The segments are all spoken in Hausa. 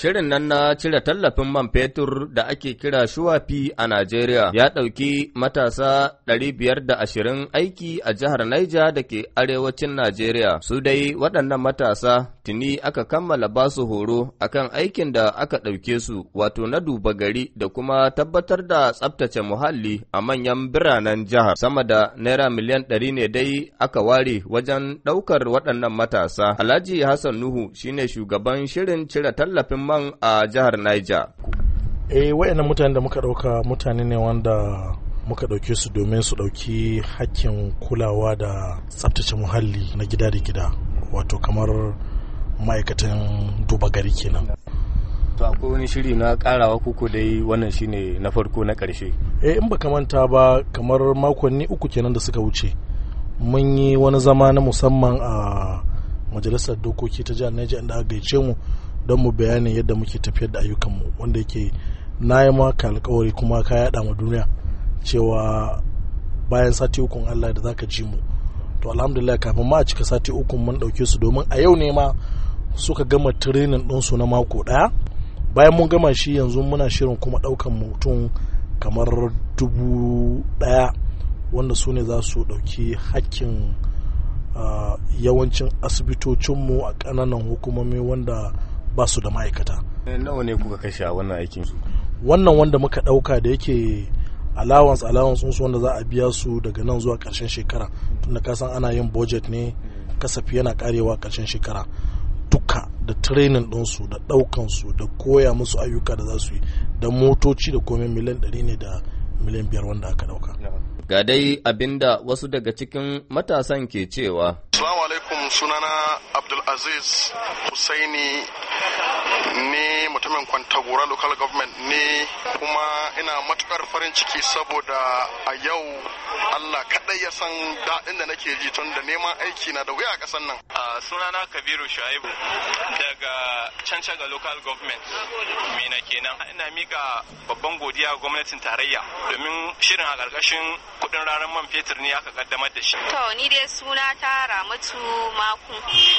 Shirin nan na cire tallafin man fetur da ake kira shuwafi a Najeriya ya ɗauki matasa 520 aiki a jihar Naija da ke arewacin Najeriya. Su dai waɗannan matasa tuni aka kammala ba su horo akan aikin da aka ɗauke su wato na duba gari da kuma tabbatar da tsabtace muhalli a manyan biranen jihar. Sama da naira miliyan ɗari ne dai aka ware wajen ɗaukar waɗannan matasa. Alhaji Hassan Nuhu shine shugaban shirin cire tallafin man a jihar Niger. Eh wayannan mutane da muka ɗauka mutane ne wanda muka ɗauke su domin su ɗauki hakkin kulawa da tsabtace muhalli na gida da gida wato kamar ma'aikatan duba gari kenan. to akwai wani shiri na karawa kuku dai wannan shine na farko na karshe eh in baka manta ba kamar makonni uku kenan da suka wuce mun yi wani zama na musamman a majalisar dokoki ta jihar Niger inda aka gaice mu don mu bayanin yadda muke tafiyar da ayyukanmu wanda yake na yi maka alkawari kuma ka yaɗa ma duniya cewa bayan sati ukun Allah da zaka ji mu to alhamdulillah kafin ma a cika sati ukun mun ɗauke su domin a yau ne ma suka gama training ɗinsu na mako ɗaya bayan mun gama shi yanzu muna shirin kuma ɗaukan mutum kamar dubu ɗaya wanda su ne za su ɗauki hakkin ah, yawancin asibitocinmu a ƙananan hukumomi wanda ba su da ma'aikata eh, nawa ne kuka kashe a wannan aikin su wannan wanda muka dauka da yake allowance allowance sun wanda za a biya su daga nan zuwa karshen shekara tunda ka san ana yin budget ne kasafi yana karewa karshen shekara duka da training din su da su da koya musu ayyuka da za su yi da motoci da komai miliyan 100 ne da miliyan biyar wanda aka dauka. Ga dai abinda wasu daga cikin matasan ke cewa. Salamu alaikum sunana Abdulaziz Hussaini, ni mutumin Kwantagora local government ne kuma ina matukar farin ciki saboda a yau Allah kaɗai ya san daɗin da nake ji tun da neman aiki na da wuya a ƙasar nan. A sunana Kabiru shaibu daga Cancaga Local Government na kenan. Ina mika babban godiya gwamnatin tarayya domin shirin a ƙarƙashin kuɗin ranar man fetur ne aka kaddamar da shi. To ni dai suna ta Ramatu Maku.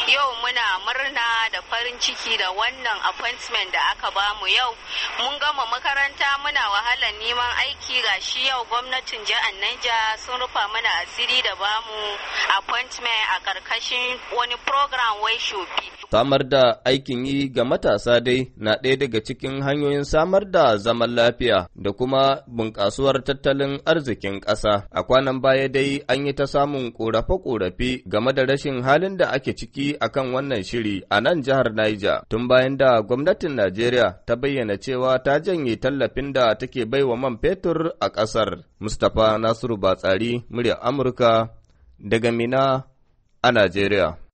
Yau muna murna da farin ciki da wannan appointment da aka bamu yau. Mun gama makaranta muna wahalar neman aiki ga shi yau gwamnatin jihar Niger sun rufa mana asiri da bamu appointment a karkashin wani program wai shobi. Samar da aikin yi ga matasa dai na ɗaya daga cikin hanyoyin samar da zaman lafiya da kuma bunƙasuwar tattalin arzikin ƙasa. A kwanan baya dai an yi ta samun ƙorafe-ƙorafe game da rashin halin da ake ciki akan wannan shiri a nan jihar Niger tun bayan da gwamnatin Najeriya ta bayyana cewa ta janye tallafin da take baiwa man fetur a ƙasar. Mustapha Nasiru Batsari, murya Amurka, daga Mina a Najeriya.